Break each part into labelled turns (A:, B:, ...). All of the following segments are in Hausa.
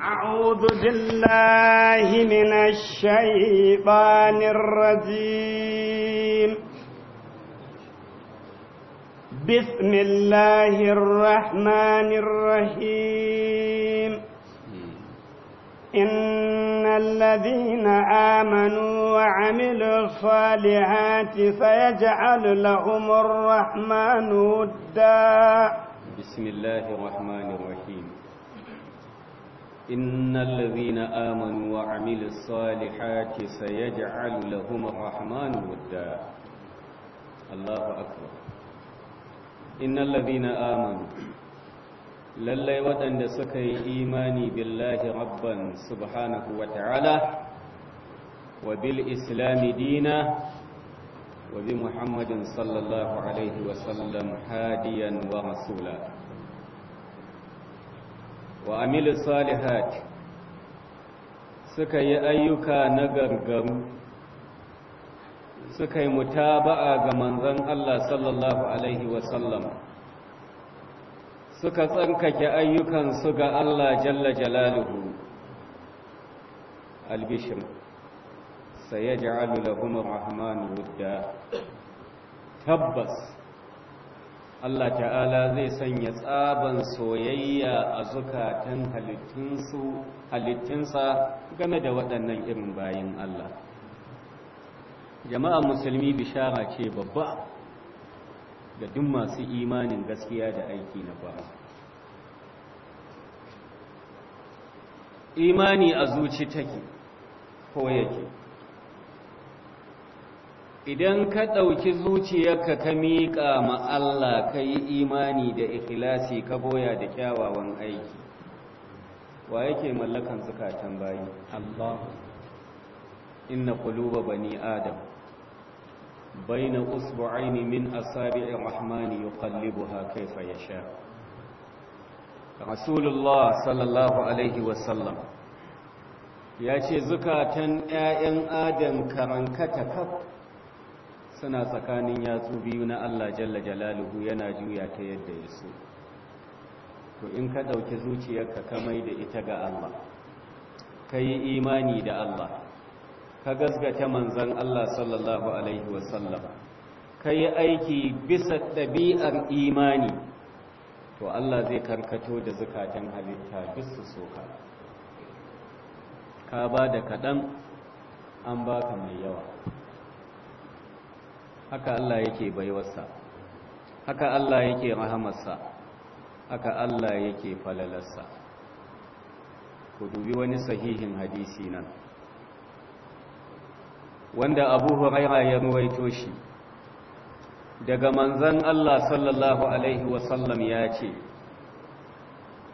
A: أعوذ بالله من الشيطان الرجيم بسم الله الرحمن الرحيم إن الذين آمنوا وعملوا الصالحات سيجعل لهم الرحمن ودا
B: بسم الله الرحمن الرحيم إن الذين آمنوا وعملوا الصالحات سيجعل لهم الرحمن ودا الله أكبر إن الذين آمنوا lallai waɗanda suka yi imani billahi rabban subhanahu wa ta'ala wa bil islami dina wa bi muhammadin hadiyan wa rasula wa amilu salihat suka yi ayyuka na gargaru suka yi mutaba'a ga manzon Allah sallallahu alaihi wasallam suka tsankake ayyukansu ga Allah jalla jalaluhu albishir sayaj'alu lahum rahmanu wudda tabbas Allah ta'ala zai sanya tsaban soyayya a zukatan halittinsa game da waɗannan irin bayan Allah jama'a musulmi bishara ce babba ga duk masu imanin gaskiya da aiki na ba imani a zuci take ko yake idan ka ɗauki zuciyarka ka miƙa ma Allah ka yi imani da ikhlasi ka boya da kyawawan aiki wa yake mallakan zukatan bayi Allah inna quluba bani adam baina usbu'ain min asabi'i rahmani yuqallibuha kayfa yasha rasulullah sallallahu alaihi wa sallam. ya ce zukatan 'ya'yan adam karankata kaf suna tsakanin yatsu biyu na Allah jalla jalaluhu yana juya ta yadda ya so to in ka ɗauki zuciyarka ka mai da ita ga Allah ka yi imani da Allah ka gasgata manzan Allah sallallahu alaihi wasallam ka yi aiki bisa dabi'ar imani to Allah zai karkato da zukatan halitta bisa soka ka ba da kaɗan an baka mai yawa haka Allah yake baiwarsa haka Allah yake rahamarsa haka Allah yake falalarsa ku dubi wani sahihin hadisi nan wanda abu huraira ya ruwaito shi daga manzan Allah sallallahu alaihi wasallam ya ce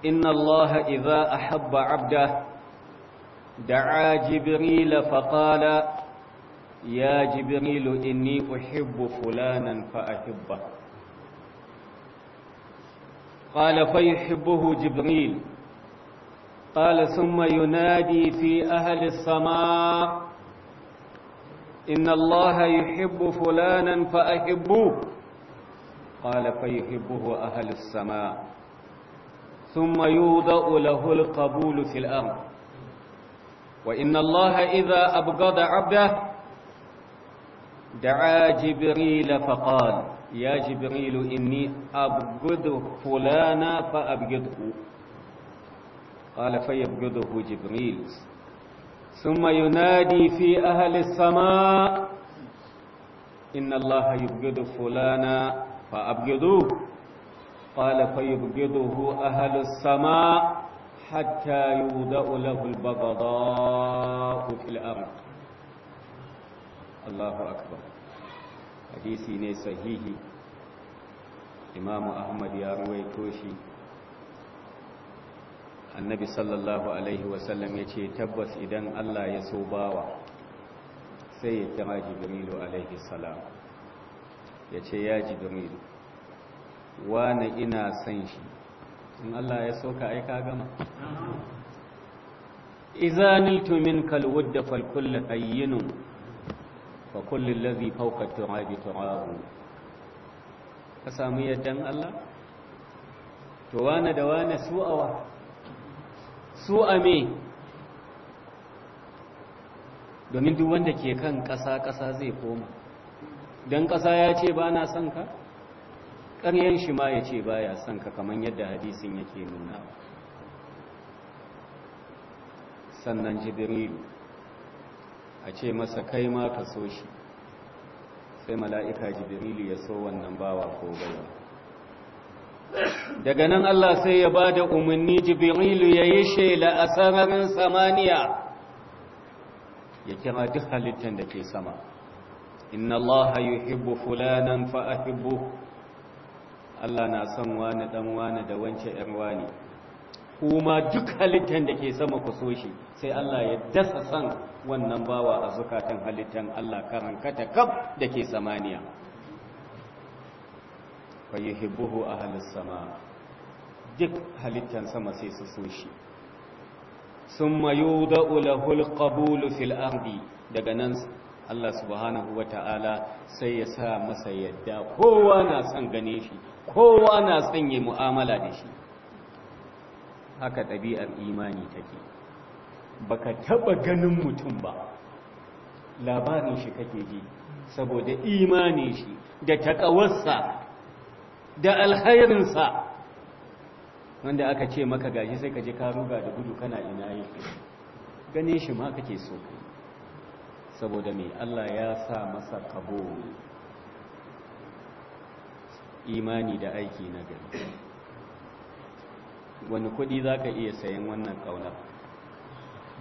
B: inna Allah idza ahabba abda da'a jibril fa qala يا جبريل إني أحب فلانا فأحبه قال فيحبه جبريل قال ثم ينادي في أهل السماء إن الله يحب فلانا فأحبوه قال فيحبه أهل السماء ثم يوضأ له القبول في الأرض وإن الله إذا أبغض عبده دعا جبريل فقال يا جبريل إني أبجد فلانا فأبجده قال فيبجده جبريل ثم ينادي في أهل السماء إن الله يبجد فلانا فأبجدوه قال فيبجده أهل السماء حتى يوضأ له البغضاء في الأرض Allahu akbar hadisi ne sahihi imamu ahmad ya ruwaito shi annabi sallallahu alaihi wasallam ya ce tabbas idan Allah ya so bawa sai ya kira jibrilu alaihi salam ya ce ya jibrilu wane ina san shi in Allah ya so ka aika gama Iza izaniltu min kalwud da falkulla ayyinun fa kullun ladhi fawqa turabi turabu ka samu yaddan Allah to wane da wane su awa su ame domin duk wanda ke kan ƙasa ƙasa zai koma don ƙasa ya ce ba na son ka ƙaryen shi ma ya ce ba ya son ka kamar yadda hadisin yake nuna sannan Jibril. a ce masa kai ma ka so shi sai mala'ika jibrilu ya so wannan bawa ko baiwa daga nan Allah sai ya ba da umarni jibrilu ya yi shela a sararin samaniya ya kira duk halittar da ke sama inna Allah hibbu fulanan fa Allah na son wani ɗan wani da wance ‘yan wani’ kuma duk halittar da ke sama ku so shi sai Allah ya dasa san wannan bawa a zukatan halittar Allah karankata kaf da ke samaniya fa yuhibbuhu ahlus sama duk halittar sama sai su so shi summa yudau lahul qabul fil ardi daga nan Allah subhanahu wa ta'ala sai ya sa masa yadda kowa na son gane shi kowa na son yi mu'amala da shi haka ɗabi'ar imani take ka taɓa ganin mutum ba labarin shi kake ji saboda imani shi da taƙawarsa da alhairinsa wanda aka ce maka gashi sai ka je ka ruga da gudu kana ina yi gane shi ma kake so saboda mai Allah ya sa masa kabo imani da aiki na gari wani kuɗi za ka iya sayan wannan ƙauna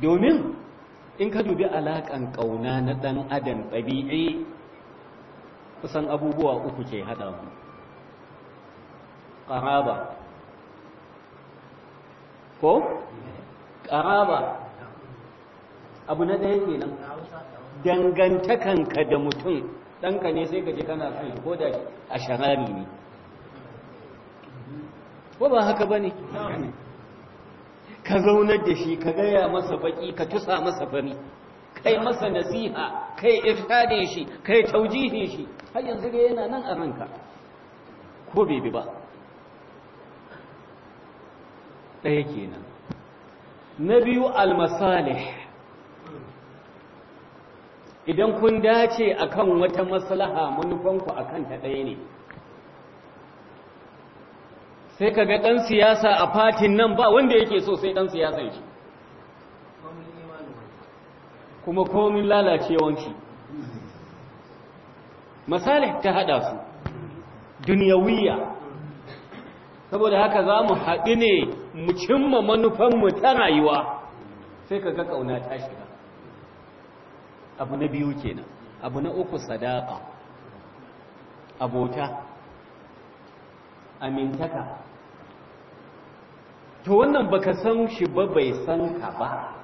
B: domin in ka dubi alaƙan ƙauna na ɗan adam ɗabi'i kusan abubuwa uku ke haɗa mu ƙaraba ko? ƙaraba abu na ɗaya ke nan dangantakanka da mutum ɗanka ne sai ka ce kana son ko da a sharari ne ko ba haka ba ka zaunar da shi ka gaya masa baki ka tusa masa fari kai masa nasiha kai irshade shi kai taujihi shi har yanzu ga yana nan a ranka ko bebe ba ɗaya kenan na biyu almasalih idan kun dace akan wata maslaha manufanku akan ta ɗaya ne sai ka ga ɗan siyasa a fatin nan ba wanda yake so sai ɗan siyasan shi kuma komin lalacewanci misali ta haɗa su duniyawiya saboda haka za mu haɗu ne mu cimma mu ta rayuwa sai ka ga ƙauna ta shiga abu na biyu kenan abu na uku sadaka abota amintaka to wannan baka san shi ba bai san ka ba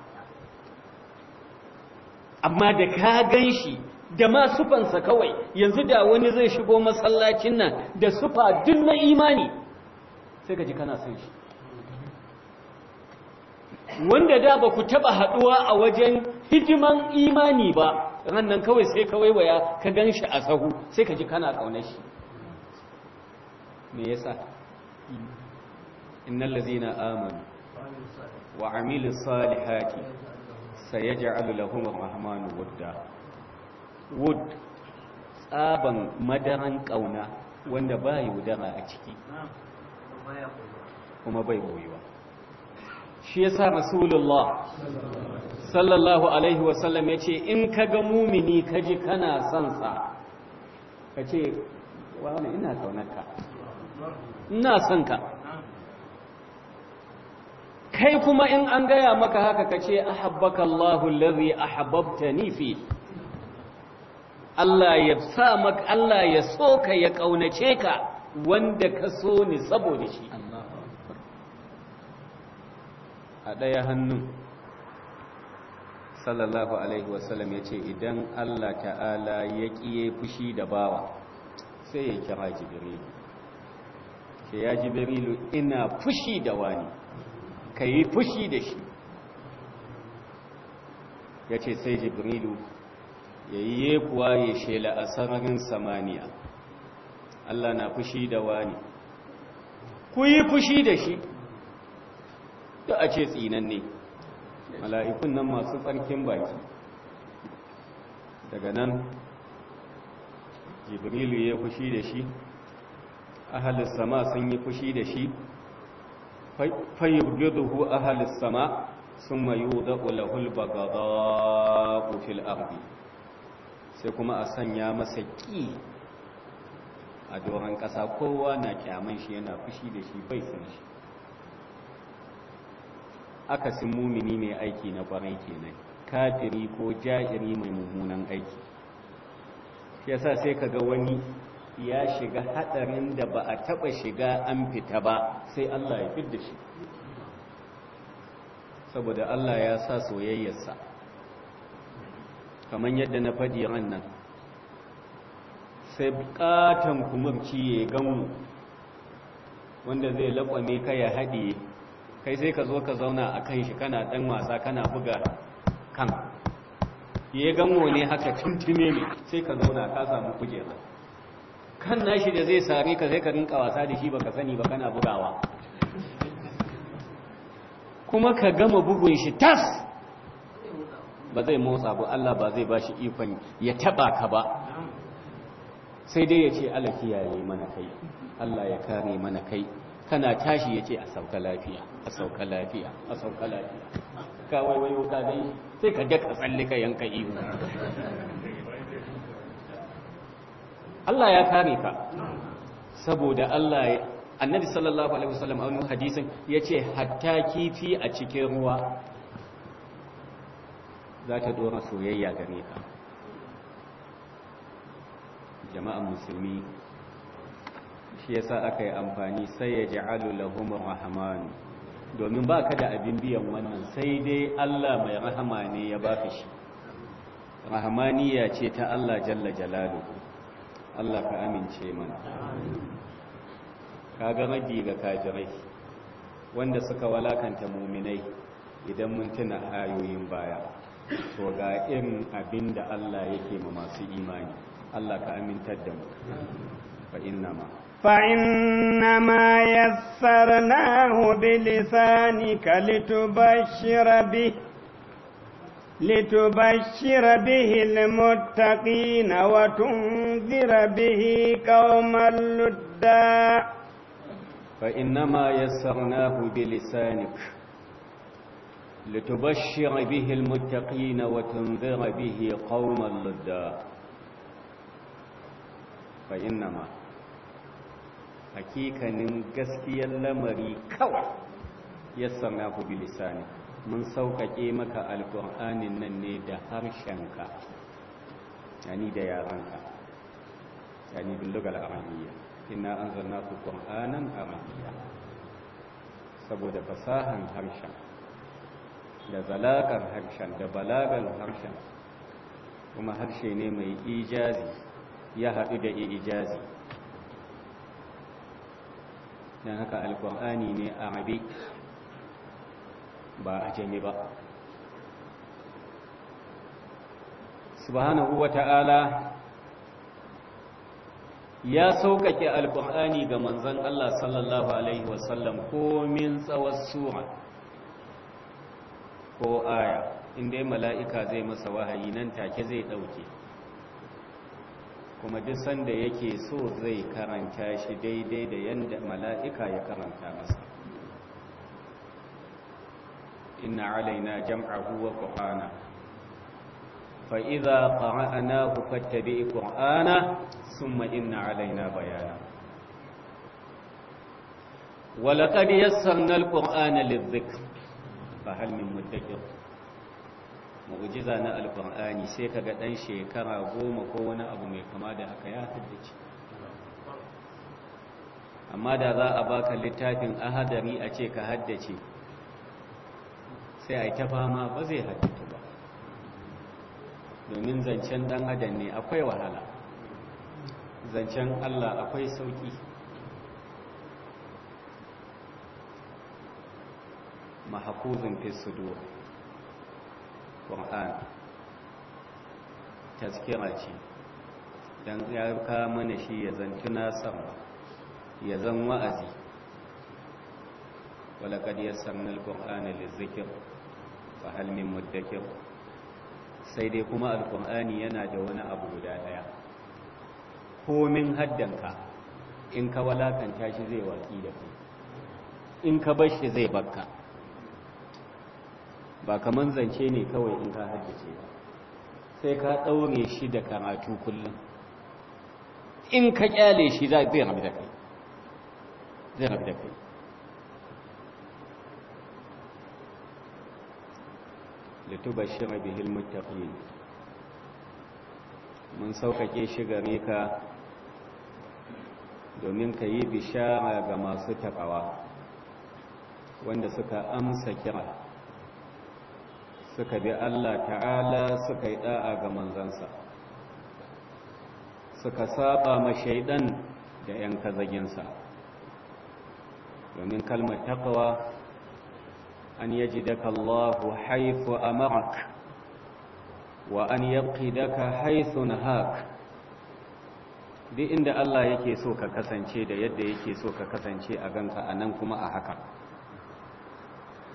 B: amma da ka gan shi da ma sufansa kawai yanzu da wani zai shigo masallacin nan da sufa duk na imani sai ka ji kana san shi wanda da ba ku taba haduwa a wajen hijiman imani ba rannan kawai sai kawai waya ka gan shi a sahu sai ka ji kana kaunar shi me yasa innal ladzina amanu
C: wa amilus salihati
B: sayaj'alu lahum arrahmanu wadda wud tsaban madaran kauna wanda ba yaudara a ciki kuma bai boyewa shi yasa rasulullah sallallahu alaihi wasallam ya ce in ka ga mumini ka ji kana son sa ka ce wani ina kaunarka ina son ka kai kuma in an gaya maka haka ka ce ahabbaka Allahu allazi ahabbtani fi Allah ya sa maka Allah ya so ka ya kaunace ka wanda ka so ni saboda shi a ɗaya hannu, sallallahu alaihi wasallam ya ce idan Allah ta'ala ya ƙiye fushi da bawa sai ya kira jibrilu Ke ya jibrilu ina fushi da wani ka yi fushi da shi ya ce sai jibrilu ya yi yekuwa ya shela a sararin samaniya Allah na fushi da wani ku yi fushi da shi da a ce tsinan ne. mala'ikun nan masu tsarkin baki daga nan jibrilu ya fushi da shi ahalin sun yi fushi da shi fayyubgiduhu ahalis sama sun mayu da ulahul bagaba fil ardi sai kuma a sanya masa ƙi a doron ƙasa kowa na kyaman shi yana fushi da shi bai san shi akasin mumini mai aiki na ƙwarai kenan kafiri ko ja'iri mai mummunan aiki sa sai ka ga wani ya shiga hadarin da ba a taba shiga an fita ba sai Allah ya fidda shi saboda Allah ya sa soyayyarsa kamar yadda na fadi ran sai bukatan kumurci ya gamu wanda zai lakwame ka ya haɗe kai sai ka zo ka zauna a kan shi kana ɗan wasa kana buga kan ya gamo ne haka tuntume ne sai ka zauna ka samu kujera kan nashi da zai sare ka zai ka rinka wasa da shi baka sani ba kana bugawa kuma ka gama bugun shi tas ba zai motsa ba Allah ba zai bashi ikon ya taba ka ba sai dai ya ce Allah kiyaye mana kai Allah ya kare mana kai kana tashi ya ce a sauka lafiya a sauka lafiya a sauka lafiya ka wayo ka dai sai ka ga ka tsalle ka yanka ihu Allah ya kare ka saboda Allah annabi sallallahu alaihi wasallam a wani hadisin yace hatta kifi a cikin ruwa za ta dora soyayya gare ka jama'an musulmi shi yasa aka yi amfani sai ya ja'alu lahum rahman domin baka da abin biyan wannan sai dai Allah mai rahama ne ya baka shi rahmaniya ce ta Allah jalla jalaluhu Allah ka amince mana ka ga maji ga kafirai wanda suka walakanta muminai idan mun tuna ayoyin baya to ga irin abin da Allah yake ma masu imani Allah ka amintar da mu fa inna
A: ma فإنما يسرناه بلسانك لتبشر به لتبشر به المتقين وتنذر به قوما لدا
B: فإنما يسرناه بلسانك لتبشر به المتقين وتنذر به قوما لدا فإنما حقيقة gaskiyar اللمري كوا يسرناه بلسانك mun sauƙaƙe maka alƙur'anin nan ne da harshenka yani da yaranka yani billugal arabiyya inna anzalnahu qur'anan arabiya? saboda fasahan harshen da zalakar harshen da balagal harshen kuma harshe ne mai ijazi ya haɗu da ijazi don haka alƙur'ani ne arabi ba a jami ba subhanahu ta’ala ya sauƙaƙe alƙur'ani ga manzon Allah sallallahu alaihi wasallam komin tsawon sura ko aya inda mala'ika zai masa wahayi nan take zai ɗauke kuma duk sanda yake so zai karanta shi daidai da yadda mala'ika ya karanta masa إن علينا جمعه وقرآنه فإذا قرأناه فاتبئ قرآنه ثم إن علينا بيانه ولقد يسرنا القرآن للذكر فهل من مدكر mu'jiza na alkur'ani sai kaga ɗan shekara goma ko wani abu mai kama da haka ya amma da za a baka littafin ahadari a ce ka haddace sai a yi ta fama ba zai halittu ba domin zancen dan adam ne akwai wahala zancen allah akwai sauki mahakuzin fi sudur ƙwar'an taskira ce don ya ka mana shi ya zantuna sama ya zan wa'azi ولقد يسرنا da zikin? fahal min muddakir sai dai kuma alqur'ani yana da wani abu guda daya komin haddanka in ka walakanta shi zai waki da kai in ka bar shi zai bakka ba kaman zance ne kawai in ka haddace ba sai ka daure shi da karatu kullum in ka kyale shi zai rabu da kai zai rabu da kai litubashshira bihil muttaqin mun sauƙaƙe shi gare ka domin ka yi bishara ga masu taɓawa wanda suka amsa kira suka bi Allah ta'ala suka yi ɗa'a ga manzansa suka saba ma shaidan da ‘yan kazaginsa domin kalmar taƙawa أن يجدك الله حيث أمرك وأن يبقدك حيث نهاك duk inda Allah yake so ka kasance da yadda yake so ka kasance a ganka a nan kuma a haka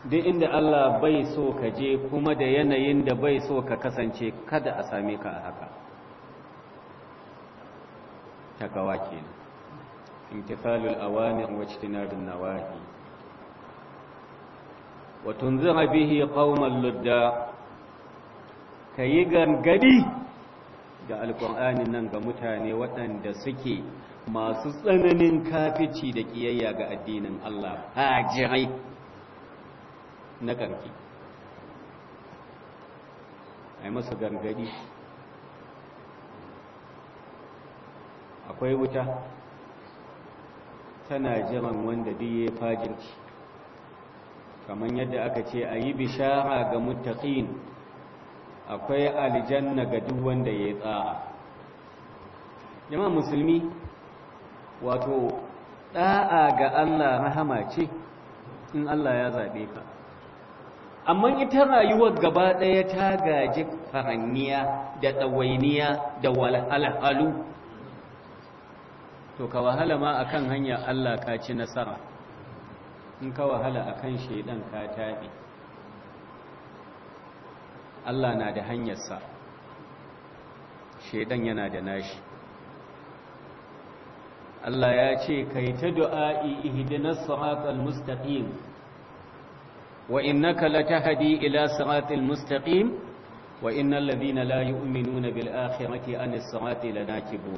B: duk inda Allah bai so ka je kuma da yanayin da bai so ka kasance kada a same ka a haka takawa kenan imtithalul awamir wa ijtinabun nawahi wa tunzira bihi qauman ludda kayi gangadi da alƙur'anin nan ga mutane waɗanda suke masu tsananin kafici da ƙiyayya ga addinin Allah hajjai na ƙarfi ai masa gangadi akwai wuta tana jiran wanda duk ya fajirci kamar yadda aka ce a yi bishara ga mutaƙin akwai aljanna ga duk wanda ya tsara jama'a musulmi wato ɗa'a ga Allah rahama ce in Allah ya zaɓe ka amma ita rayuwar gaba ɗaya ta gaji faranniya da ɗawainiya da walhalhalu to ka wahala ma a kan hanyar Allah ka ci nasara in ka wahala akan shaidan ka taɓe Allah na da hanyarsa shaidan yana da nashi Allah ya ce kai ta du'a'i ihdinas siratal mustaqim wa innaka latahdi ila siratil mustaqim wa innal ladhina la yu'minuna bil akhirati anis sirati lanakibun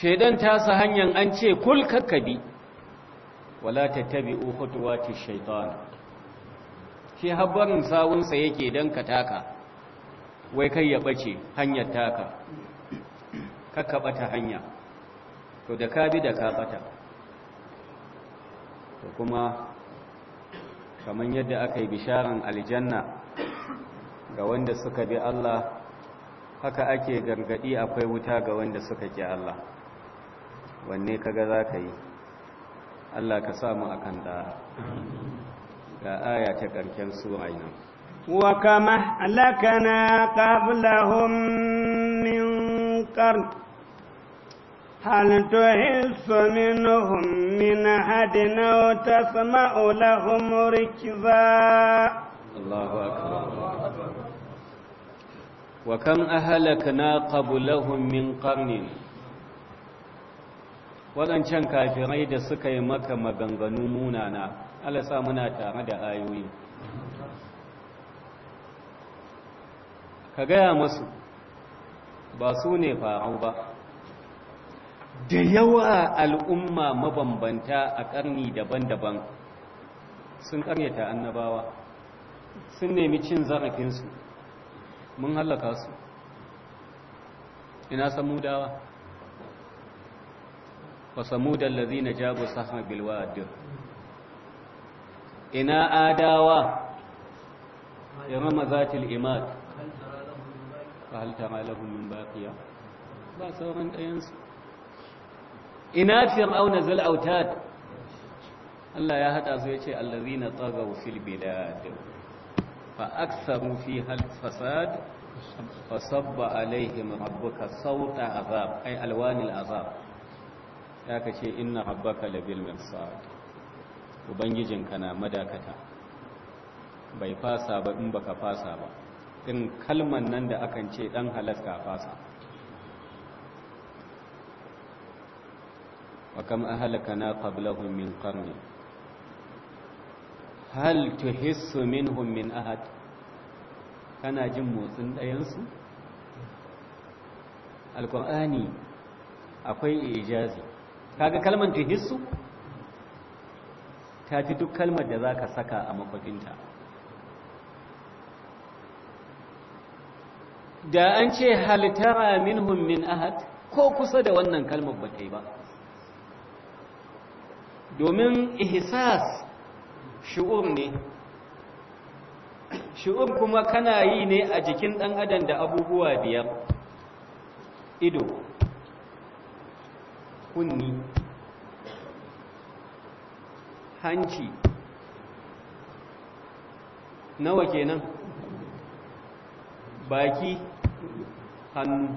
B: shaidan ta sa hanyar an ce kul kakkabi wala ukutuwa ta shaitan shi habbarin sawunsa yake dan ka taka wai kai ya bace hanyar taka kakka bata hanya to da ka bi da ka ɓata to kuma kamar yadda aka yi bisharan aljanna ga wanda suka bi Allah haka ake gargadi akwai wuta ga wanda suka ke Allah wanne kaga za ka yi Allah ka samu kan da, ga aya ta ƙarshen sura nan
A: wa kama halakana qablahum min qarn hal tuhissu minhum min ahadin aw tasma'u lahum rikza
B: Allahu akbar wa kan kam na qablahum min ƙarni. waɗancan kafirai da suka yi maka maganganu munana alasa muna tare da ayoyi ka gaya masu ba su ne farau ba da yawa al'umma mabambanta a ƙarni daban-daban sun ƙaryata annabawa sun nemi cin zarafinsu mun hallaka su ina dawa? وصمود الذين جابوا صخر بالواد إنا آداوا إرم ذات الإماد فهل ترى لهم من باقية لا سورا أينس إنا فرعون ذو الأوتاد الله يا هدى زيتي الذين طغوا في البلاد فأكثروا فيها الفساد فصب عليهم ربك صوت عذاب أي ألوان العذاب ya ka ce inna rabbaka labil mirsad ubangijinka na madakata bai fasa ba in baka fasa ba in kalman nan da akan ce dan halaska fasa wa kam na qablahum min qarni hal tuhissu minhum min ahad kana jin motsin ɗayansu alkur'ani akwai ijazi kaga kalmar tuhissu ta fi duk kalmar da za ka saka a mafafinta da an ce halittara minhum min ahad ko kusa da wannan kalmar ba ta yi ba domin ihisas shi'ur ne shi'ur kuma kana yi ne a jikin ɗan adam da abubuwa biyar ido kunni hanci nawa kenan baki hannu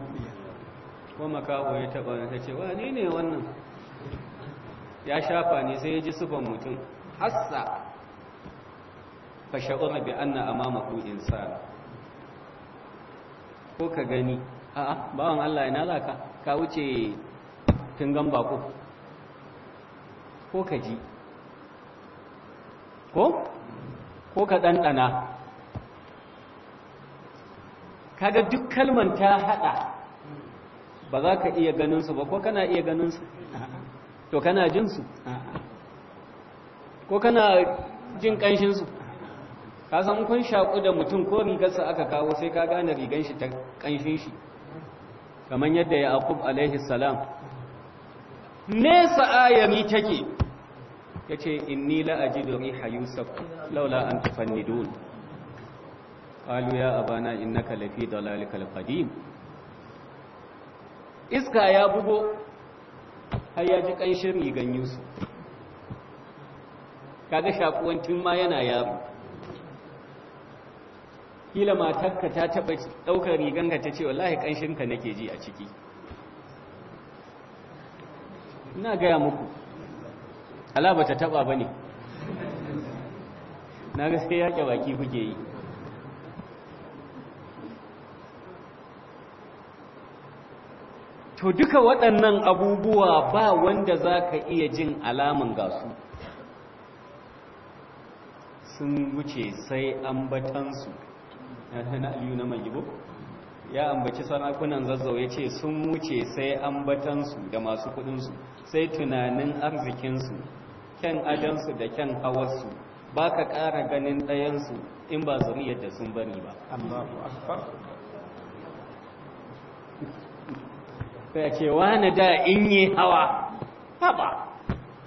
B: ko makaho ya taba ta ce wane ne wannan ya shafa ne sai ya ji sufan mutum hassa fa bi anna amamahu insan ko ka gani a'a bawan Allah ina zaka ka wuce kin gan bako ko ka ji ko ko ka ɗanɗana Kada duk kalman ta haɗa ba za ka iya ganinsu ba ko kana iya ganinsu to kana jinsu ko kana jin ƙanshinsu ka san kun shaƙu da mutum ko rigarsa aka kawo sai ka gane rigan shi ta ƙanshin shi kamar yadda ya akub alaihi salam nesa ayami take ya ce la la'aji ri hayusaf laula an tafannidun qalu ya abana innaka lafi da lalikal qadim iska ya bugo har ya ji ƙanshin rigan yusuf kaga shakuwancin ma yana yaro kila matarka ta taɓa rigan ka ta ce wallahi ƙanshinka nake ji a ciki ina gaya muku ala bata ta taba ba ne na gaske yake baki kuke yi to duka waɗannan abubuwa ba wanda za ka iya jin alaman gasu sun wuce sai ambatansu na aliyu na magibo ya ambaci sarakunan zazzau ya ce sun wuce sai ambatansu da masu kudinsu sai tunanin arzikinsu kyan adansu da kyan hawarsu ba ka ƙara ganin ɗayansu in ba zuri yadda sun bari ba ta ce wani da in yi hawa haɓa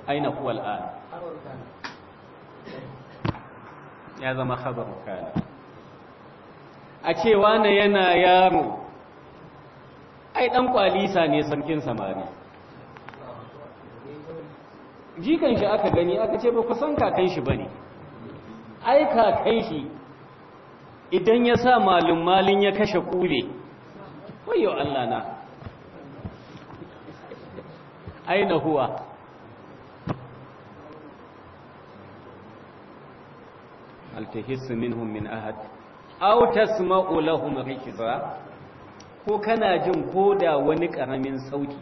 B: aina kuwa al'ada ya zama haɓar kayan a cewa na yana yaro ai ɗan kwalisa ne sarkin samari jikan shi aka gani aka ce ba ku san kakan shi ba ne ai kakan shi idan ya sa malum malin ya kashe kule wayo Allah na aina huwa altahissu minhum min ahad aw tasma'u lahum rikza ko kana jin da wani karamin sauti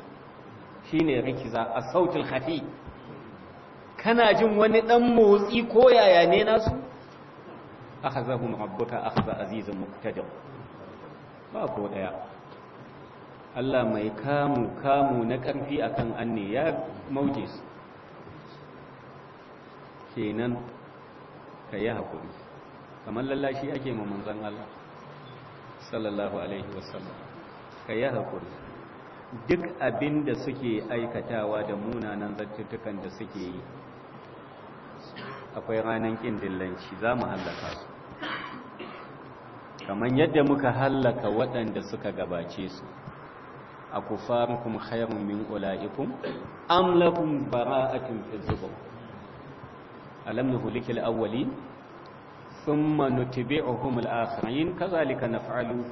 B: shine rikza as-sautul khafi kana jin wani dan motsi ko yaya ne nasu akhazahu rabbuka akhza azizun muqtadir ba ko daya Allah mai kamu kamu na karfi akan anne ya mauje su kenan ka yi haƙuri kamar lallashi ake ma manzon Allah sallallahu alaihi wasallam kai hakuri duk abin da suke aikatawa da munanan zattutukan da suke yi akwai ranar kin dillanci za mu hallaka su kamar yadda muka hallaka waɗanda suka gabace su a kufarukum khairun min ula'ikum am lakum bara'atun fi zubur alam nuhlikil awwalin thumma nutbi'uhum al-akhirin kazalika naf'alu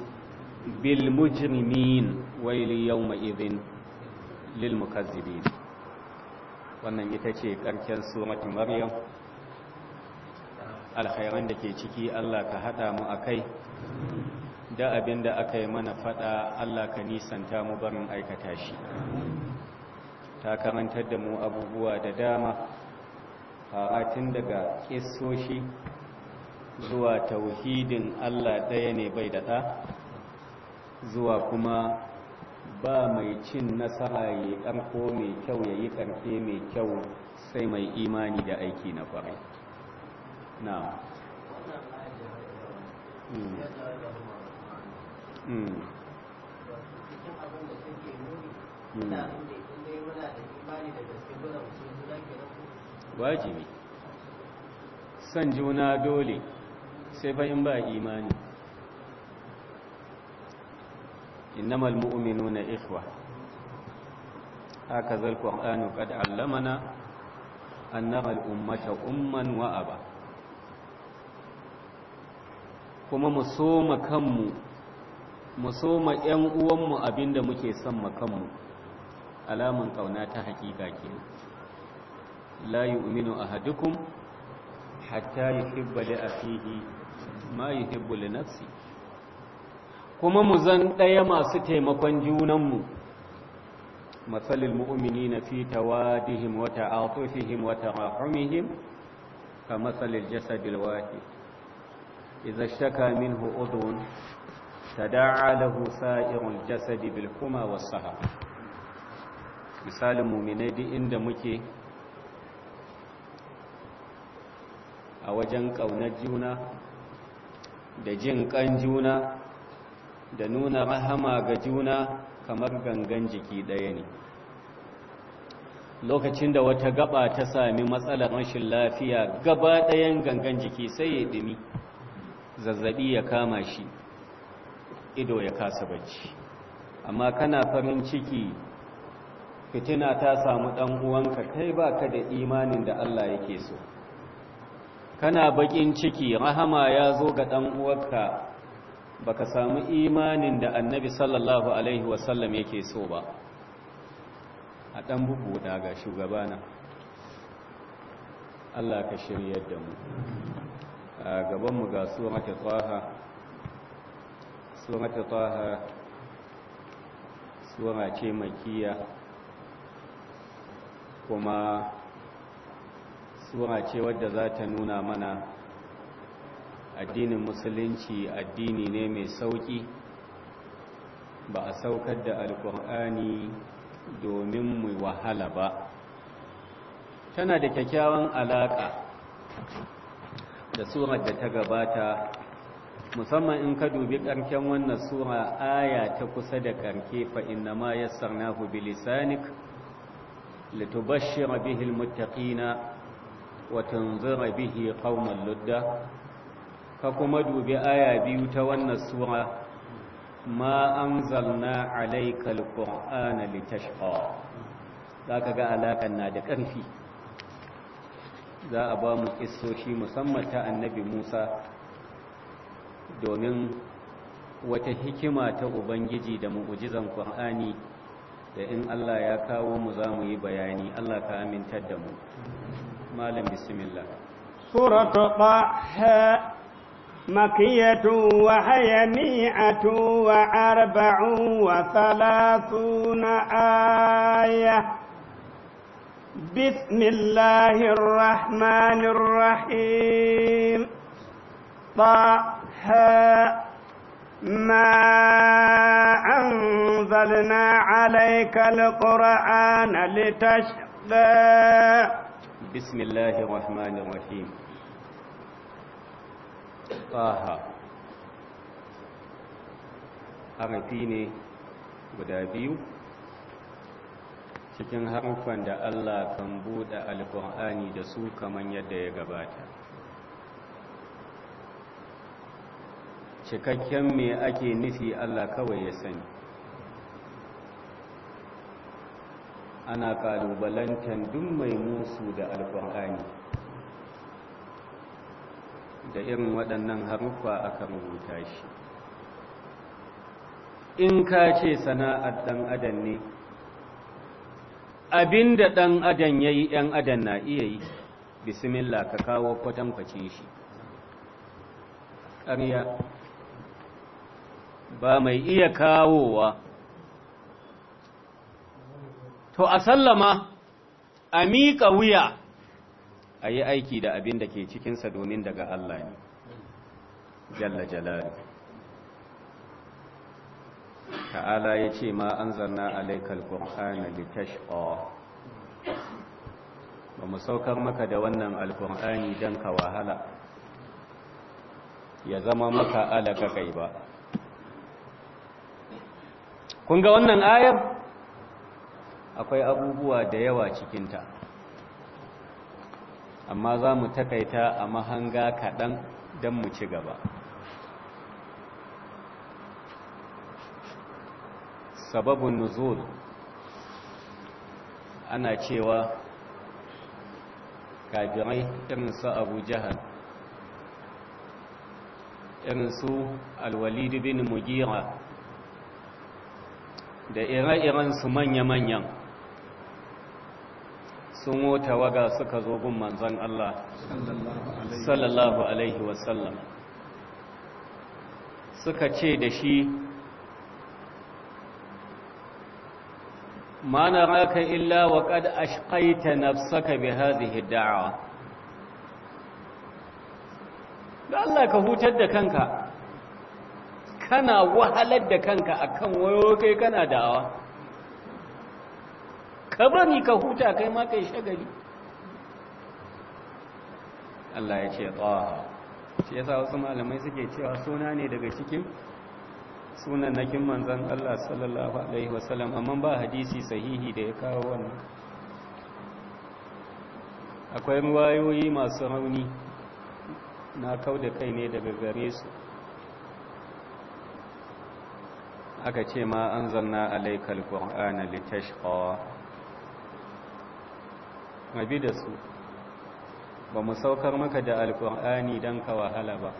B: bil mujrimin yau yawma idhin lil mukazzibin wannan ita ce karshen surati maryam alkhairan da ke ciki Allah ka hada mu akai da abinda da aka mana fada Allah ka nisanta mu barin aikata shi ta karantar da mu abubuwa da dama fa'atin daga kissoshi zuwa tauhidin Allah ɗaya ne bai da ta? zuwa kuma ba mai cin nasara ya ƙarko mai kyau ya yi ƙarfe mai kyau sai mai imani da aiki na kwarai na hmm. hmm.
C: hmm. wajibi
B: san juna dole sai fa in ba imani innamal mu'minuna ikhwa haka zal qur'anu qad allamana annama al-ummata umman wa aba kuma mu soma kanmu mu soma ƴan uwanmu abinda muke son mu kanmu alaman kauna ta hakika ke. la yu'minu ahadukum hatta yuhibba li akhihi ma yuhibbu li nafsi kuma mu zan ɗaya masu taimakon junanmu masalil mu'minina fi tawadihim wa ta'atufihim wa tarahumihim كمثل الجسد الواحد إذا ta منه أذن تداعى له سائر kuma wasu والسهر misalin muminai di inda muke a wajen ƙaunar juna da jin kan juna da nuna rahama ga juna kamar gangan jiki ɗaya ne lokacin da wata gaba ta sami matsalar rashin lafiya gaba ɗayan gangan jiki sai ya ɗumi zazzabi ya kama shi ido ya kasa bacci amma kana farin ciki fitina ta samu ɗan uwanka kai ba ka da imanin da Allah yake so kana bakin ciki rahama ya zo ga dan uwarka baka samu imanin da annabi sallallahu alaihi wasallam yake so ba a dan bubuda ga shugabana Allah ka shiryar da mu a gaban mu ga surata taha surata taha sura ce makiya kuma sura ce wadda za ta nuna mana addinin musulunci addini ne mai sauƙi ba a saukar da alkur'ani domin mu wahala ba tana da kyakkyawan alaƙa da surar da ta gabata musamman in ka dubi ƙarken wannan sura aya ta kusa da ƙarke fa inna ma yassarnahu bilisanik litubashshira rabihil almuttaqina watanzira bihi qauman ludda ka kuma dubi aya biyu ta wannan sura ma anzalna alaykal qur'ana litashqa zaka ga alakan na da ƙarfi za a ba mu kissoshi musamman ta annabi Musa domin wata hikima ta Ubangiji da mu'ujizan Kur'ani da in Allah ya kawo mu za mu yi bayani Allah ka amintar da mu بسم الله
A: سورة طه مكية وهي مئة وأربع وثلاثون آية بسم الله الرحمن الرحيم طه ما أنزلنا عليك القرآن لتشفى
B: بسم الله الرحمن الرحيم طه harafi ne guda biyu cikin harufan da Allah kan buɗe alƙur'ani da su kaman yadda ya gabata cikakken me ake nufi Allah kawai ya sani ana kalubalantar duk mai musu da alkur'ani da irin waɗannan haruffa aka rubuta shi in ka ce sana'ar ɗan adam ne abin da ɗan adam ya yi ‘yan adam na iya yi bismillah ka kawo kwatankwace shi ƙarya ba mai iya kawowa to a sallama a miƙa wuya a yi aiki da abin da ke cikinsa domin daga Allah ne jalla jalali ta'ala ya ce ma an zarna alaikal ƙur'ana da tashqa ba mu saukar maka da wannan Alkur'ani don ka wahala ya zama maka alaka kai ba kun ga wannan ayar akwai abubuwa da yawa cikinta amma za mu takaita a mahanga kaɗan don mu ci gaba sababin nuzul ana cewa kabirai irin su abu jihar irin su bin mugira da ire-iren su manya-manyan sun wuta waga suka zo gun manzon Allah sallallahu alaihi wasallam suka ce da shi ma raka illa wa kad ashqaita nafsaka bi hadhihi da'wa da Allah ka hutar da kanka kana wahalar da kanka akan wayo kai kana da'awa ka bari ka huta kai ma kai shagali Allah ya ce taha shi yasa wasu malamai suke cewa suna ne daga cikin sunan nakin manzon Allah sallallahu alaihi wasallam amma ba hadisi sahihi da ya kawo wannan akwai wayoyi masu rauni na kau kai ne daga gare su aka ce ma an zanna alaikal qur'ana litashqa mabi da su ba mu saukar maka da alkur'ani don ka wahala ba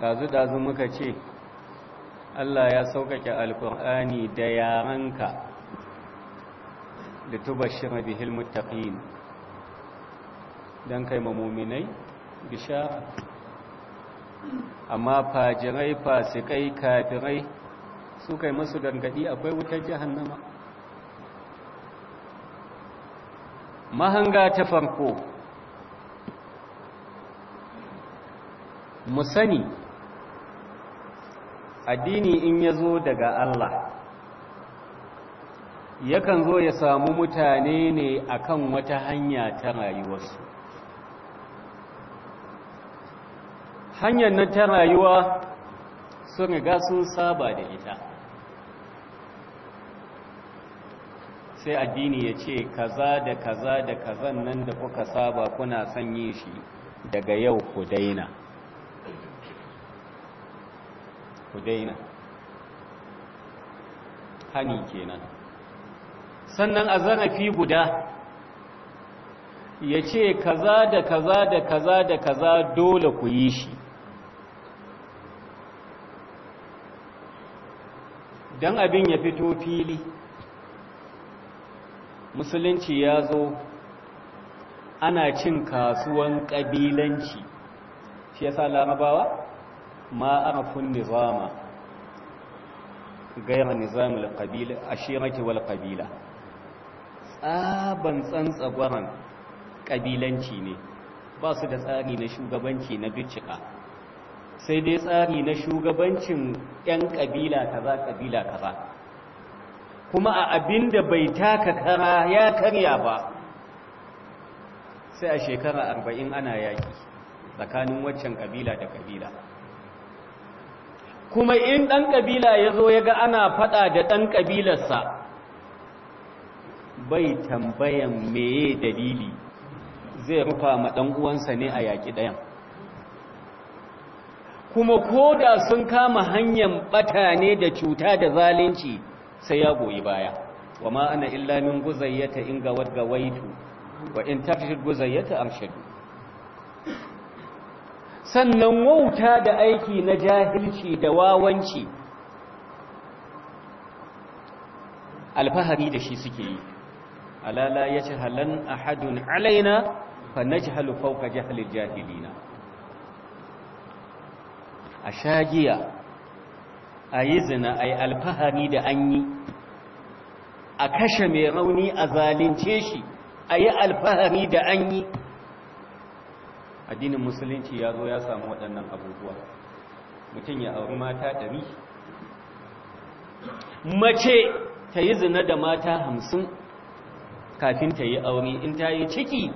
B: ɗazu-ɗazu muka ce allah ya sauƙaƙe alkur'ani da yaranka da tubashir bihil muttaqin don kai mamominai bishara amma fajirai fasikai kafirai su kai masu dangadi akwai wutar jahannama mahanga ta farko mu sani addini in ya zo daga Allah yakan zo ya samu mutane ne a kan wata hanya ta rayuwarsu hanyar na ta rayuwa sun riga sun saba da ita sai addini ya ce kaza da kaza da kazan nan da kuka saba kuna son yin shi daga yau ku daina ku daina hani kenan sannan a zarafi guda ya ce kaza da kaza da kaza da kaza dole ku yi shi don abin ya fito fili musulunci ya zo ana cin kasuwan ƙabilanci shi sa larabawa ma'arafin nizama gairar nizamul ƙabila a shirake wal ƙabila tsaban tsantsagwaron ƙabilanci ne ba su da tsari na shugabanci na bicika sai dai tsari na shugabancin 'yan ƙabila kaza ƙabila kaza kuma a abin da bai taka kara ya karya ba sai a shekara arba'in ana yaƙi tsakanin waccan ƙabila da ƙabila kuma in ɗan kabila ya zo ya ga ana faɗa da ɗan kabilarsa. bai tambayan meye dalili zai rufa ma ɗan uwansa ne a yaki ɗayan kuma ko da sun kama hanyar ɓata ne da cuta da zalunci sai ya goyi baya wa ma ana illa min guzayyata in gawad gawaitu wa in tafshid guzayyata amshadu sannan wauta da aiki na jahilci da wawanci alfahari da shi suke yi alala ya ci halan ahadun alaina fa na jihalu fauka jahilin jahilina a shagiya a yi zina a yi alfahari da an a kashe mai rauni a zalince shi a yi alfahari da anyi. addinin musulunci ya zo ya samu waɗannan abubuwa mutum ya auri mata ɗari mace ta yi zina da mata hamsin kafin ta yi aure in ta yi ciki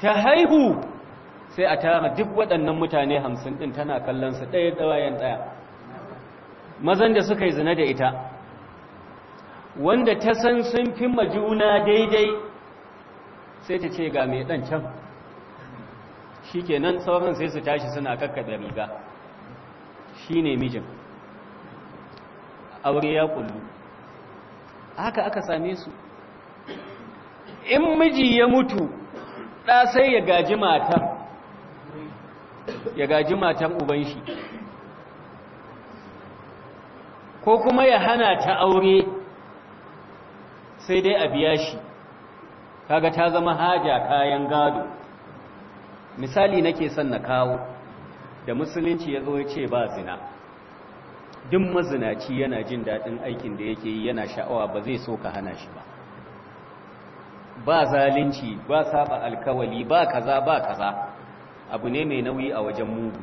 B: ta haihu sai a tara duk waɗannan mutane hamsin ɗin tana kallon su ɗaya ɗawayen ɗaya mazan da suka yi zina da ita wanda ta san sun fi majuna daidai sai ta ce ga mai ɗan can shi kenan sauran sai su tashi suna kakkaɓe riga shi ne mijin aure ya kullu haka aka same su in miji ya mutu ɗa sai ya gaji matar ya gaji matan uban shi ko kuma ya hana ta aure sai dai a biya shi kaga ta zama haja kayan gado misali nake son na kawo da musulunci ya zo ya ce ba zina duk mazinaci yana jin daɗin aikin da yake yi yana sha'awa ba zai so ka hana shi ba ba zalunci ba saba alkawali ba kaza ba kaza abu ne mai nauyi a wajen mugu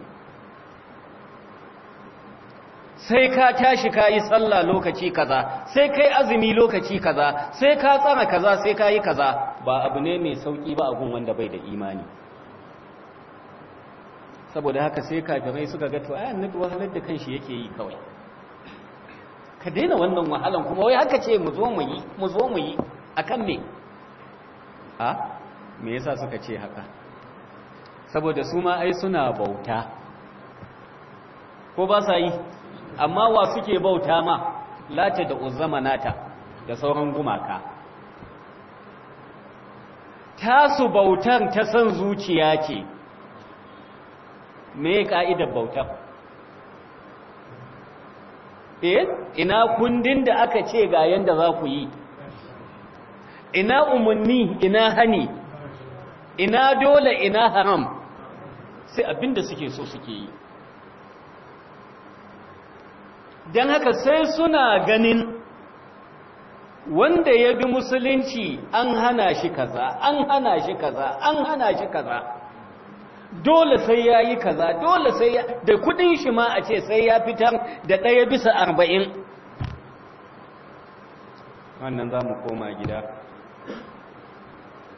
B: sai ka tashi ka yi sallah lokaci kaza sai ka yi azumi lokaci kaza sai ka tsara kaza sai ka yi kaza ba abu ne mai sauƙi ba abun wanda bai da imani saboda haka sai kafirai suka ga ayan ai wahalar da kanshi yake yi kawai ka daina wannan wahalan kuma wai haka ce mu zo mu yi mu zo mu yi akan me a me yasa suka ce haka saboda su ma ai suna bauta ko ba sa yi amma wa suke bauta ma lata da uzama nata da sauran gumaka tasu bautan ta san zuciya ce me ka'idar bauta eh ina kundin da aka ce ga yanda za ku yi ina umarni ina hani ina dole ina haram sai abinda suke so suke yi don haka sai suna ganin wanda ya bi musulunci an hana shi kaza an hana shi kaza an hana shi kaza dole sai ya yi kaza dole sai ya da kudin shi ma a ce sai ya fitar da ɗaya bisa arba'in wannan za mu koma gida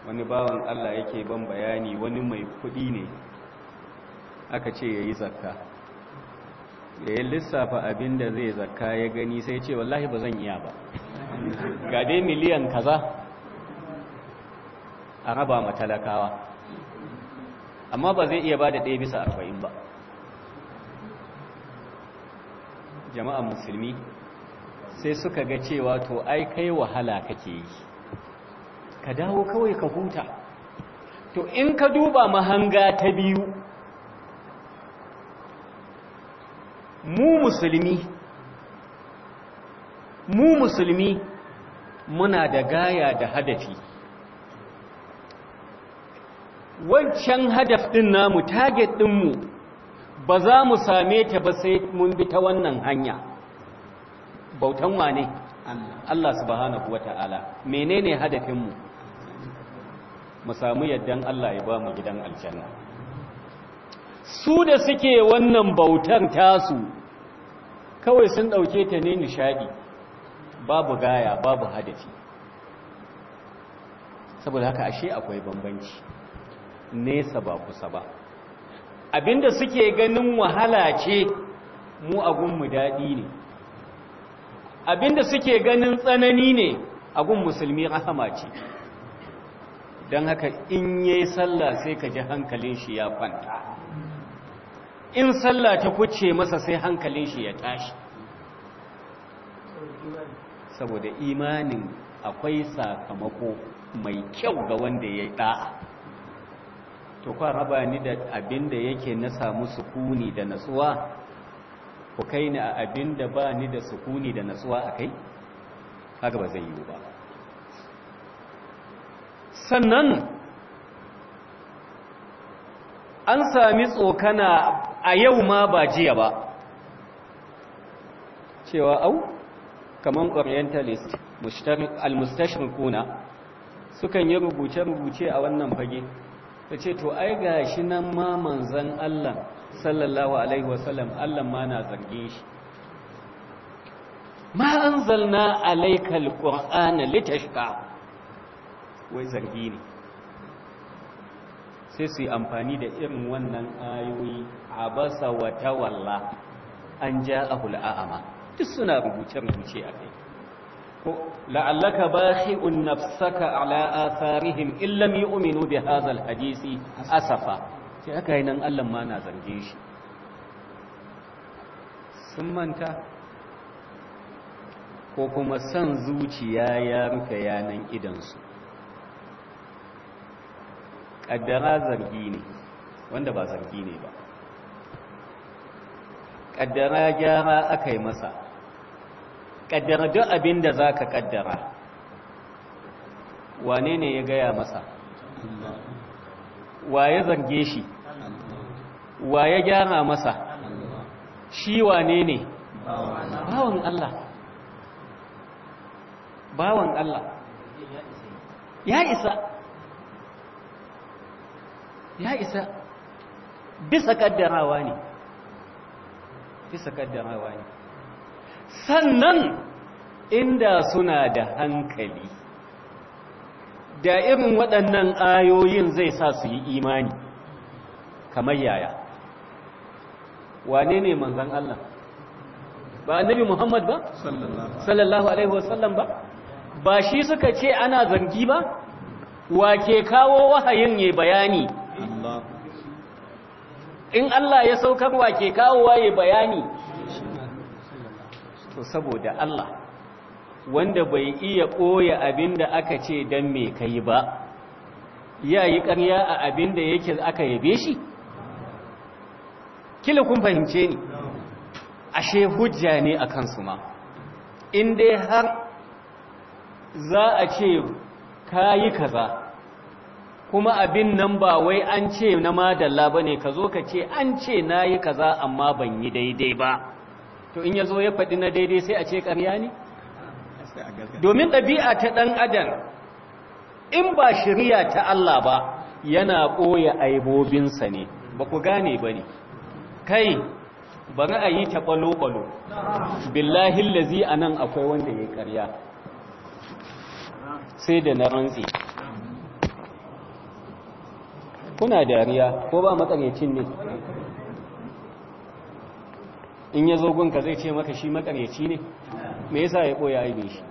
B: wani bawan allah yake ban bayani wani mai kudi ne aka ce ya yi zakka ya yi lissafa abin da zai zakka ya gani sai ce wallahi ba zan iya ba ga dai miliyan kaza a raba matalakawa amma ba zai iya ba da ɗaya bisa arba'in ba Jama'a musulmi sai suka ga cewa to ai kai wahala kake yi ka dawo kawai ka huta to in ka duba mahanga ta biyu mu musulmi mu musulmi muna da gaya da hadafi wancan hadaf din namu target dinmu ba za mu same ta ba sai mun bi ta wannan hanya bautan wane Allah subhanahu wata'ala menene hadafinmu mu samu yaddan Allah ya ba mu gidan aljanna su da suke wannan bautar tasu kawai sun ɗauke ta ne nishaɗi babu gaya babu hadafi saboda haka ashe akwai bambanci nesa ba kusa ba abinda suke ganin wahala ce mu agunmu daɗi ne abinda suke ganin tsanani ne agun musulmi rahama ce don haka in yi sallah sai ka ji hankalin shi ya kwanta in sallah ta kuce masa sai hankalin shi ya tashi saboda imanin akwai sakamako mai kyau ga wanda ya ɗa'a, to kwa raba ni da abinda yake na samu sukuni da nasuwa ku kai ni a abin da ba ni da sukuni da natsuwa a kai haka ba zai yiwu ba sannan an sami tsokana a yau ma ba jiya ba cewa au kamar orientalist kuna sukan yi rubuce-rubuce a wannan fage ta ce to ai ga shi nan ma manzan allah sallallahu alaihi wasallam allah ma na zargin shi ma an zalna alaikal ƙwar'ana littashka wai zargi ne sai su yi amfani da irin wannan ayoyi a basa wata walla an ja ahul a'ama duk suna rubuce-rubuce a kai la'allaka bakhi'un nafsaka ala atharihim illam yu'minu bi hadha alhadisi asafa sai aka yi nan allon ma na zarge shi sun manta ko kuma son zuciya ya rufe yanan idansu kaddara zargi ne wanda ba zargi ne ba kaddara gyara aka yi masa kaddara duk abin da za ka kaddara wane ne ya gaya masa wa ya zarge shi wa ya gyara masa shi wane ne bawan Allah bawan Allah ya isa ya isa bisa kaddarawa ne bisa kaddarawa ne sannan inda suna da hankali da irin waɗannan ayoyin zai sa su yi imani kamar yaya wane ne manzan Allah ba annabi Muhammad ba sallallahu alaihi wasallam ba ba shi suka ce ana zangi ba wa ke kawo wahayin ne bayani in Allah ya saukarwa ke kawowa ya bayani to saboda Allah wanda bai iya koya abinda aka ce don me kai ba ya yi ƙarya a abin da yake aka yabe shi kila kun fahimce ni ashe hujja ne a kansu ma in dai har za a ce ka yi kaza kuma abin nan ba wai an ce na madalla ba ne ka zo ka ce an ce na yi kaza amma ban yi daidai ba to in ya zo ya faɗi na daidai sai a ce ƙarya ne domin ɗabi'a ta ɗan adam in ba shirya ta Allah ba yana ɓoye aibobinsa ne ba ku gane ba ne kai bari a yi ta ƙwalo-ƙwalo billahin lazi a nan akwai wanda ya ƙarya sai da na rantsi kuna dariya ko ba matsaryacin ne in ya zo gunka zai ce maka shi makaryaci ne me yasa ya koya aibe shi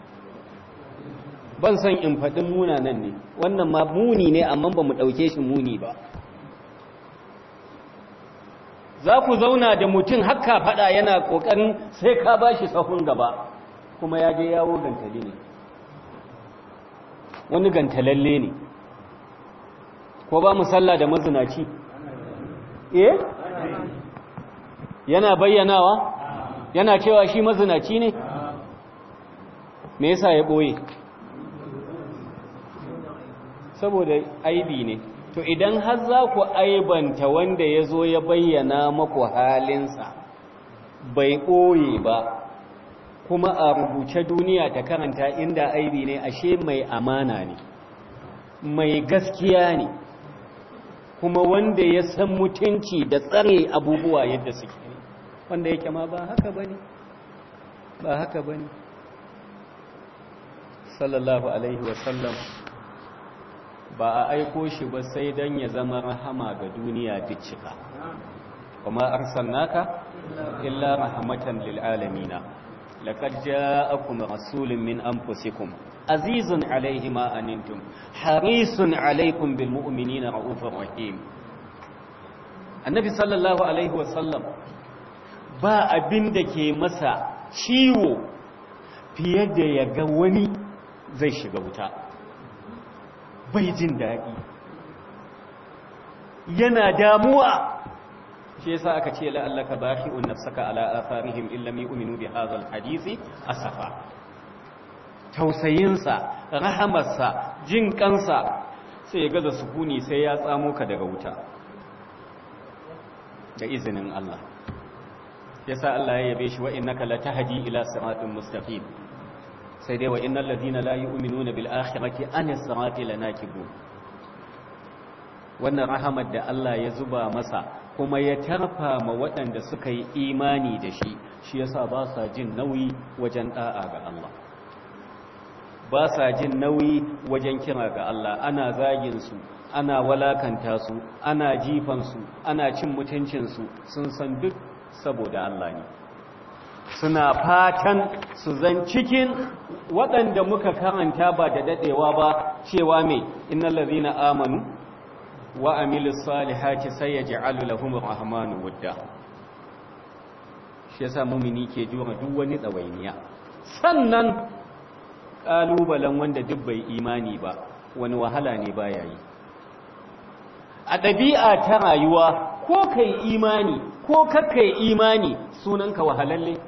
B: ban san in faɗin nan ne wannan ma muni ne amma ba mu ɗauke shi muni ba za ku zauna da mutum haka faɗa yana ƙoƙarin sai ka ba shi sahun gaba kuma ya je yawo gantali ne wani gantalalle ne ko ba mu sallah da mazinaci eh yana bayyanawa yana cewa shi mazinaci ne me yasa ya boye saboda aibi ne to idan har za ku aibanta wanda ya zo ya bayyana maku halinsa bai ɓoye ba kuma a rubuce duniya ta karanta inda aibi ne ashe mai amana ne mai gaskiya ne kuma wanda ya san mutunci da tsare abubuwa yadda suke wanda yake ma ba haka bane ba haka bane sallallahu alaihi wasallam ba a aiko shi ba sai dan ya zama rahama ga duniya cika, kuma arsalnaka illa rahmatan lil alamina لقد جاءكم رسول من أنفسكم عزيز عليه ما أنتم حريص عليكم بالمؤمنين رؤوف رحيم النبي صلى الله عليه وسلم ba abin da ke masa ciwo fiye da ya ga wani zai shiga wuta bai jin daɗi yana damuwa shi yasa aka ce la'allaka bakhi'un nafsaka ala atharihim in lam yu'minu bi hadha alhadisi asafa tausayinsa rahamarsa jin kansa sai ya gaza sukuni sai ya tsamo ka daga wuta da izinin Allah yasa Allah ya yabe shi wa innaka latahdi ila siratin mustaqim sai dai wa innal ladina la yu'minuna bil akhirati an as-sirati lanakibun wannan rahamar da Allah ya zuba masa kuma ya tarfa ma waɗanda suka yi imani da shi shi yasa ba sa jin nauyi wajen ɗa'a ga Allah ba sa jin nauyi wajen kira ga Allah ana zagin su ana walakanta su ana jifan su ana cin mutuncin su sun san duk saboda Allah ne suna fatan su zan cikin waɗanda muka karanta ba da daɗewa ba cewa mai, inna lalina amanu wa amilu salihati sai ya ja'alu lahum rahmanu wadda shi yasa mumini ke jura duk wani tsawainiya sannan kalubalen wanda duk bai imani ba wani wahala ne ba yi a ɗabi'a ta rayuwa ko kai imani ko kakkai imani sunanka wahalalle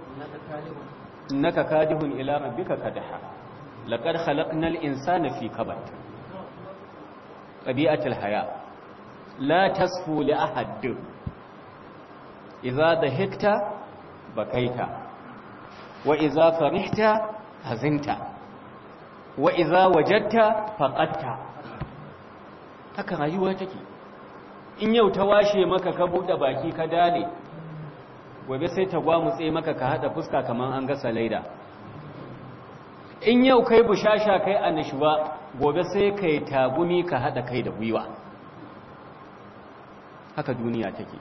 B: naka kadihun ila rabbika kadaha laqad khalaqnal insana fi kabad tabi'atul haya la tasfu li ahad idza dahikta bakaita wa idza farihta hazinta wa idza wajadta faqatta haka rayuwa take in yau ta washe maka ka bude baki ka dale gobe sai ta gwamutse maka ka hada fuska kaman an gasa laida in yau kai bushasha kai annashuwa gobe sai kai tagumi ka hada kai da gwiwa haka duniya take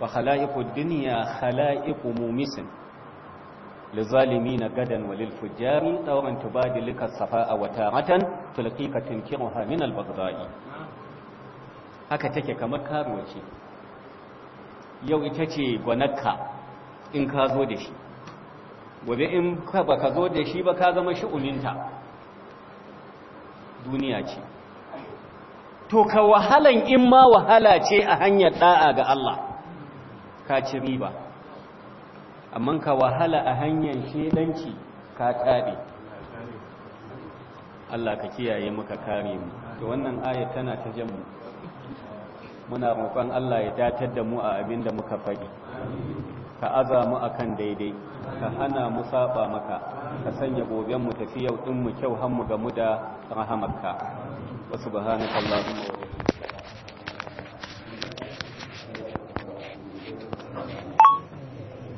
B: wa khala'iqud dunya khala'iqu mumisin للظالمين غدا وللفجار طورا تبادلك الصفاء وتارة تلقيك تنكرها من البغضاء haka take kamar karuwa ce yau ita ce gwanakka in ka zo da shi gobe in ba ka zo da shi ba ka zama shi'uninta duniya ce to ka wahalan in ma wahala ce a hanyar da'a ga Allah ka ci riba amma ka wahala a hanyar shedanci ka tsabe Allah ka kiyaye muka kare mu to wannan aya tana ta janmu. muna roƙon Allah ya datar da mu a abin da muka faɗi ka aza mu akan daidai ka hana mu saba maka ka sanya goben mu tafi yau din mu kyau ga mu da rahamarka wa subhanakallahumma